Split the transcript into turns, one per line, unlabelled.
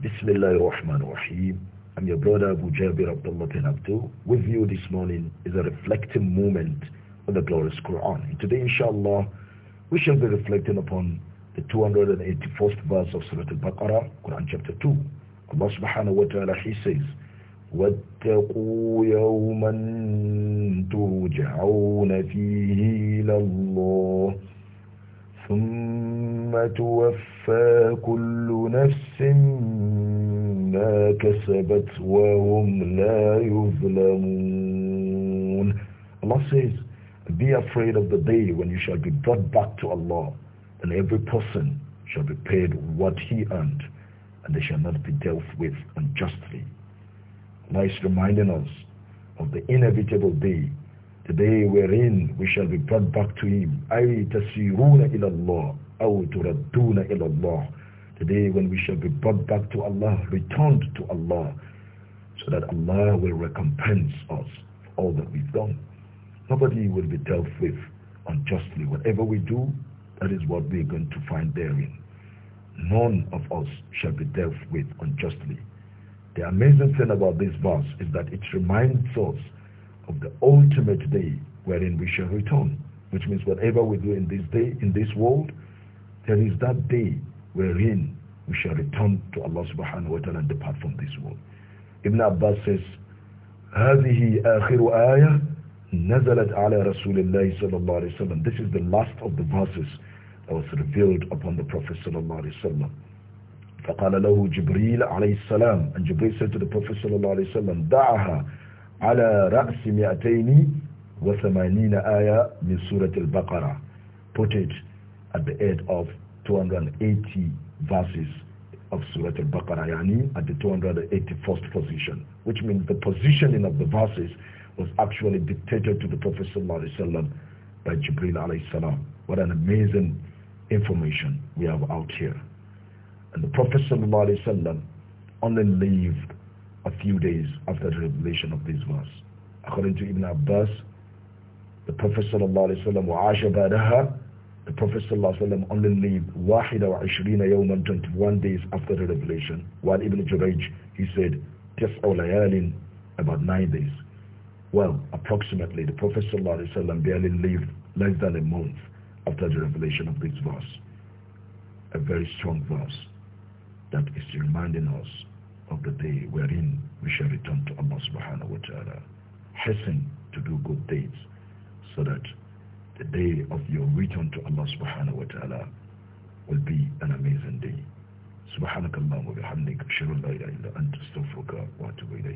Bismillah ar-Rahman ar-Rahim. I'm your brother Abu Jabir Abdullah bin Abdul. With you this morning is a reflective moment on the glorious Quran. And today, inshallah, we shall be reflecting upon the 281st verse of Surah Al-Baqarah, Quran chapter 2. Allah subhanahu wa ta'ala, He says, واتقوا يوما ترجعون فيه إلى الله ثم توفى كل نفس ما كسبت وهم لا يظلمون Allah says, be afraid of the day when you shall be brought back to Allah and every person shall be paid what he earned and they shall not be dealt with unjustly. Allah is reminding us of the inevitable day the day wherein we shall be brought back to Him. أي تسيرون إلى الله أو تردون The day when we shall be brought back to Allah, returned to Allah, so that Allah will recompense us for all that we've done. Nobody will be dealt with unjustly. Whatever we do, that is what we're going to find therein. None of us shall be dealt with unjustly. The amazing thing about this verse is that it reminds us of the ultimate day wherein we shall return. Which means whatever we do in this day, in this world, there is that day wherein we shall return to Allah subhanahu wa ta'ala and depart from this world. Ibn Abbas says, هذه آخر آية نزلت على رسول الله صلى الله عليه وسلم. This is the last of the verses that was revealed upon the Prophet صلى الله عليه وسلم. فقال له جبريل عليه السلام and Jibril said to the Prophet صلى الله عليه وسلم دعها ala ra'si mi'ataini wa samanina aya min surat al-Baqarah put it at the end of 280 verses of Surah Al-Baqarah, yani at the 281st position, which means the positioning of the verses was actually dictated to the Prophet Sallallahu by Jibril alayhi salam. What an amazing information we have out here. And the Prophet Sallallahu only lived a few days after the revelation of this verse. According to Ibn Abbas, the Prophet sallallahu alayhi wa the Prophet sallallahu only lived wahida wa ishrina yawman 21 days after the revelation. While Ibn Juraj, he said, tis'u layalin, about 9 days. Well, approximately, the Prophet sallallahu barely lived less than a month after the revelation of this verse. A very strong verse that is reminding us of the day wherein we shall return to Allah subhanahu wa ta'ala. Hasten to do good deeds so that the day of your return to Allah subhanahu wa ta'ala will be an amazing day. سبحانك اللهم bihamdik اشهد ان لا اله الا انت استغفرك واتوب